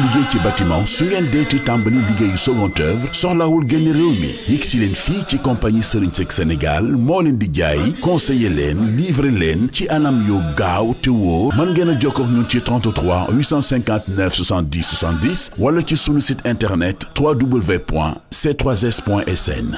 liggéey ci bâtiment su ngeen deeti tàmbali liggéeyu second œuvre soxlawul génn réew mi yegg si leen fii ci compagnie Serigne Seck Sénégal moo leen di jaay conseiller leen livrer leen ci anam yoo gaaw te woo man ngeen a jokkoo ak ñun ci 33 859 70 70 wala ci sunu site internet www.c3s.sn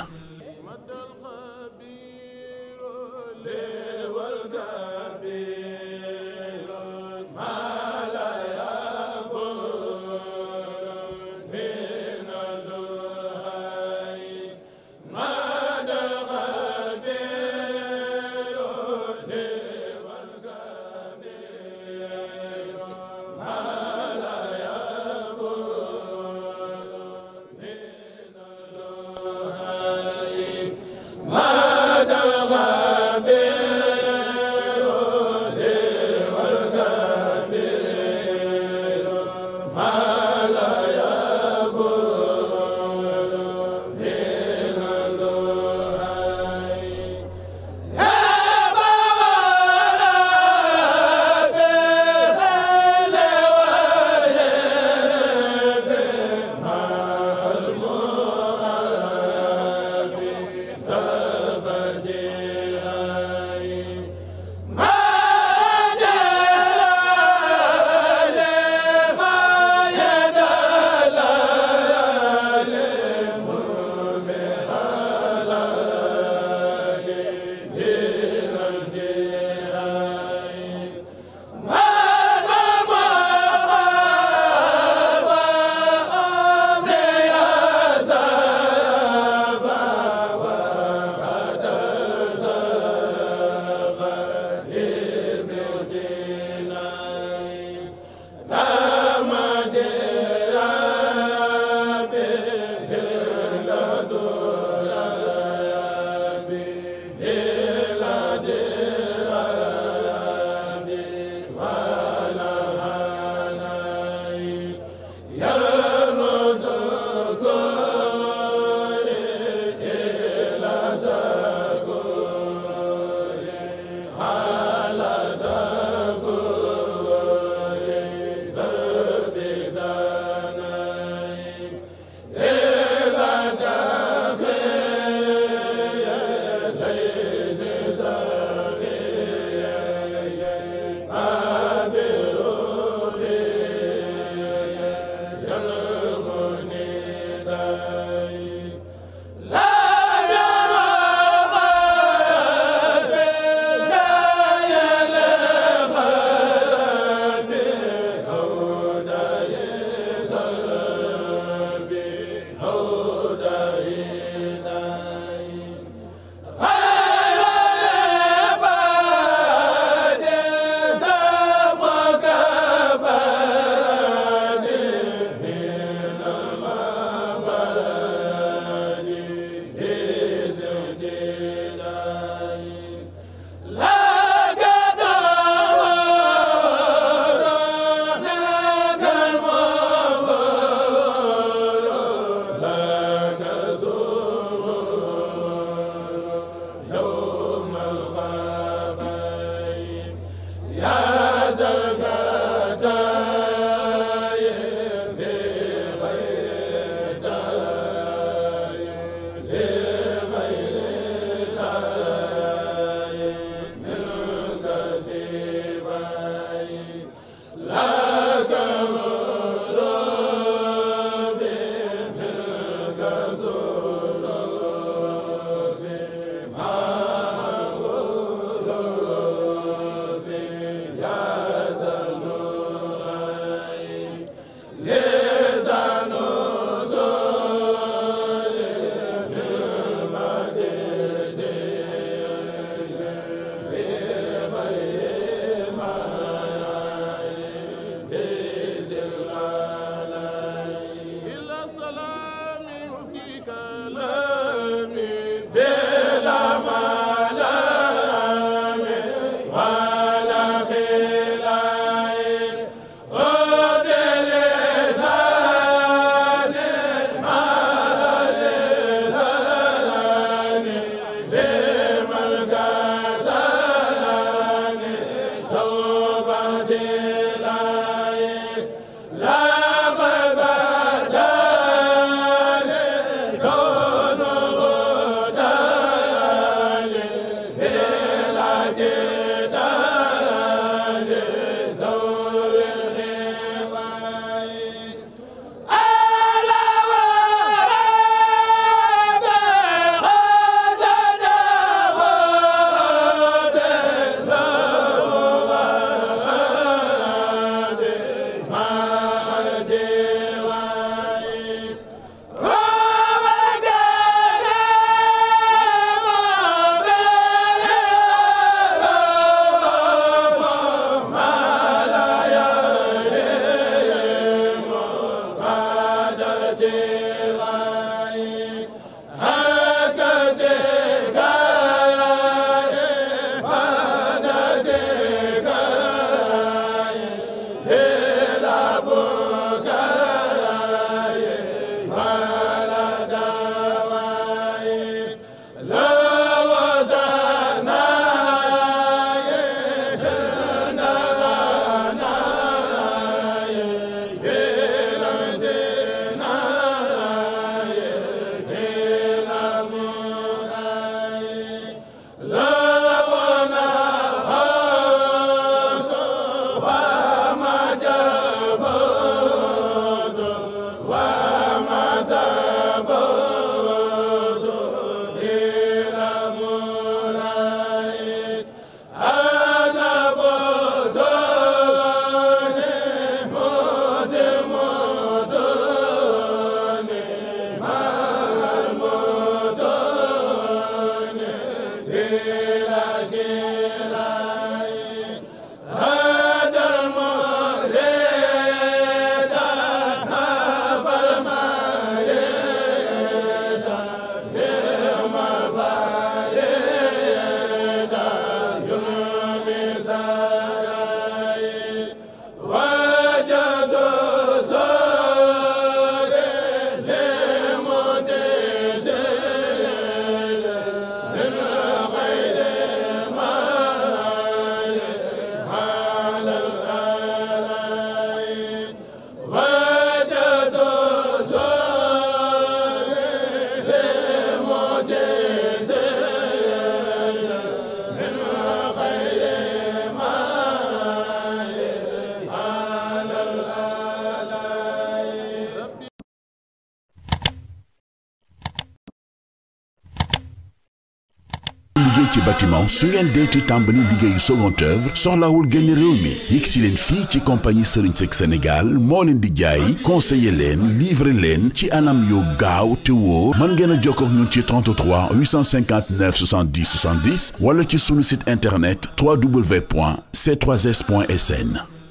ci bâtiment su ngeen deeti tàmbali liggéeyu second œuvre soxlawul génn réew mi yegg si leen fii ci compagnie Serigne Seck Sénégal moo leen di jaay conseiller leen livrer leen ci anam yu gaaw te woo mën ngeen a jokkoo ak ñun ci 33 859 70 70 wala ci sunu site internet www.c3s.sn